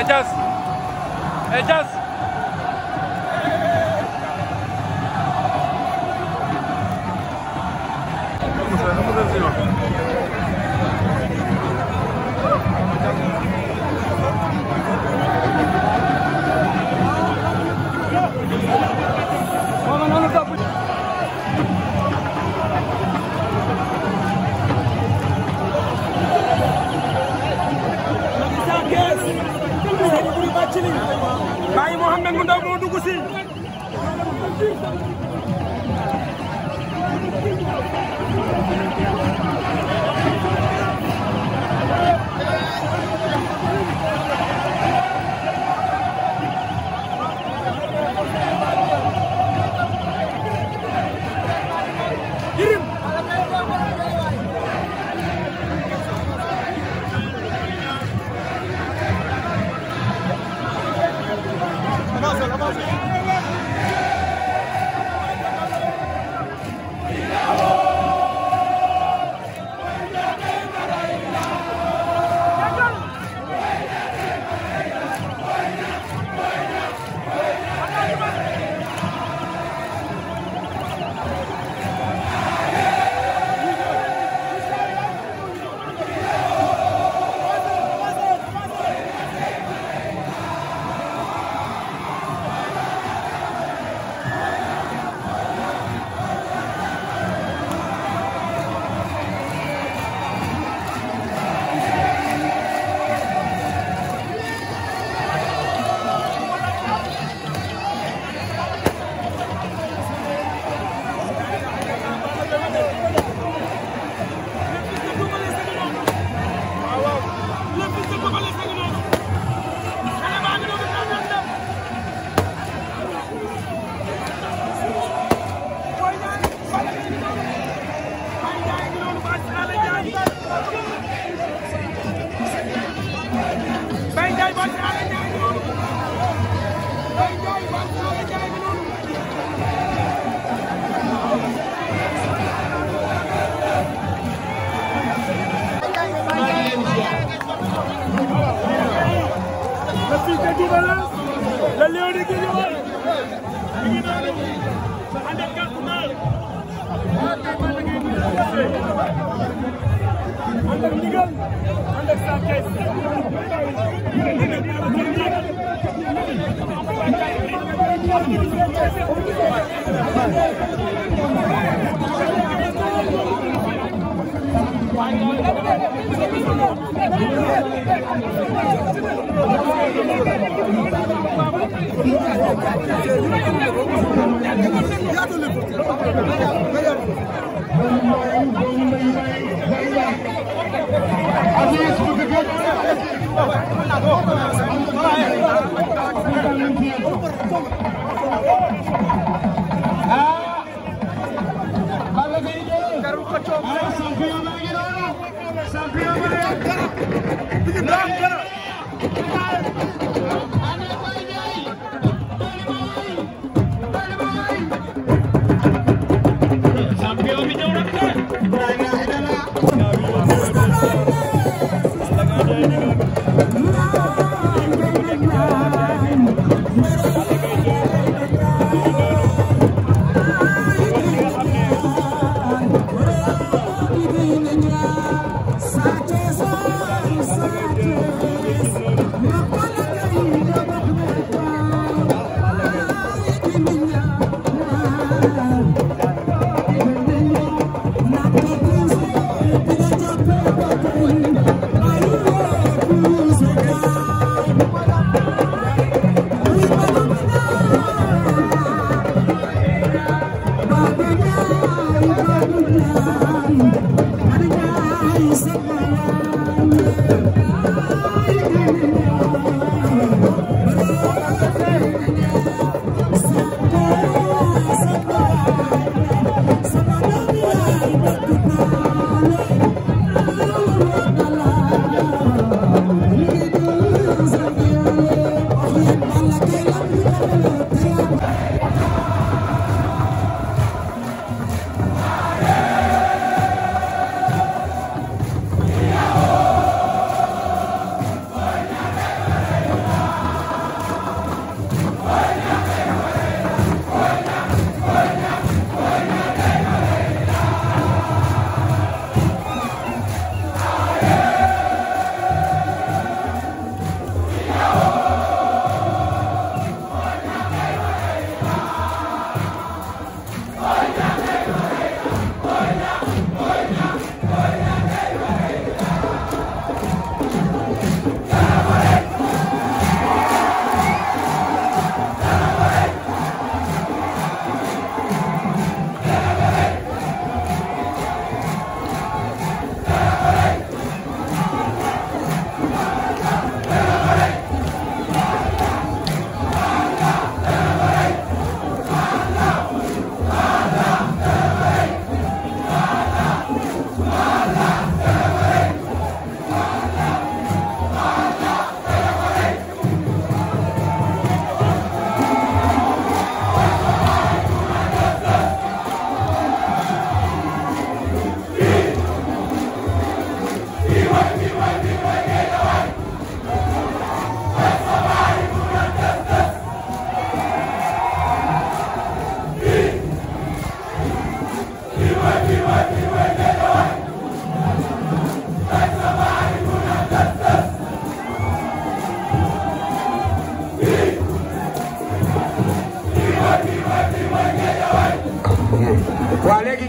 Ecaz. Ecaz. bu ndaw moo dugg si Guédiawaye le lion de Guédiawaye mi ngi noonu ànd ak gàtt naar ànd ak Balla Gaye numéro 2 ànd ak ndigal ànd ak Sa Thiès Thank you. gonna Thank you.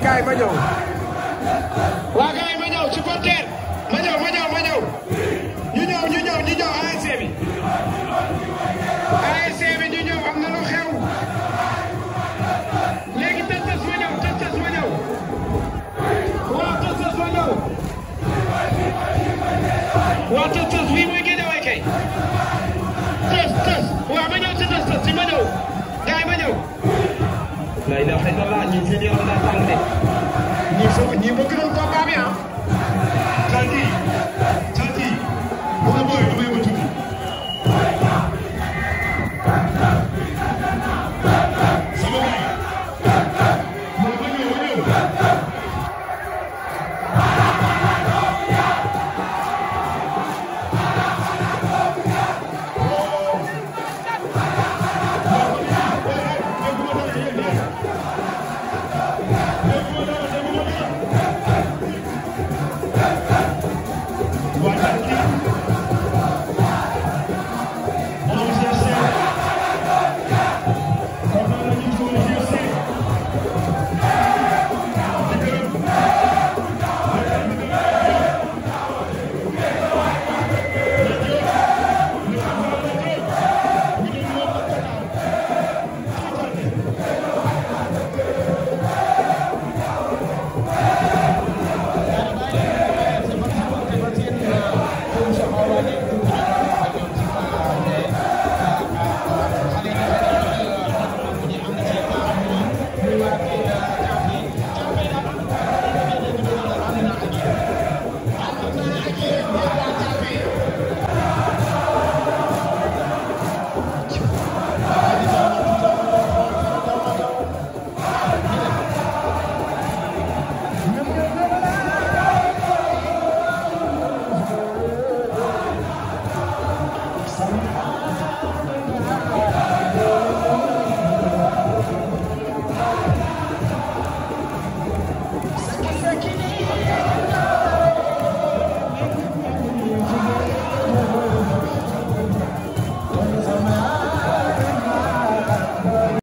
kaay ma ñëw. waa kaay ma ñëw supporter ma ñëw ma ñëw ma ñëw ñu ñëw ñu ñëw ñu ñëw ASC bi ASC bi ñu ñëw am na lu xew léegi tës tës ma ñëw tës tës ma ñëw waa tës tës ma ñëw waa tës tës bii mooy génne waay kay tës tës waa ma ñëw ci tës tës si ma ñëw kaay ma ñëw. la ilaha illallah ñu fi ñëw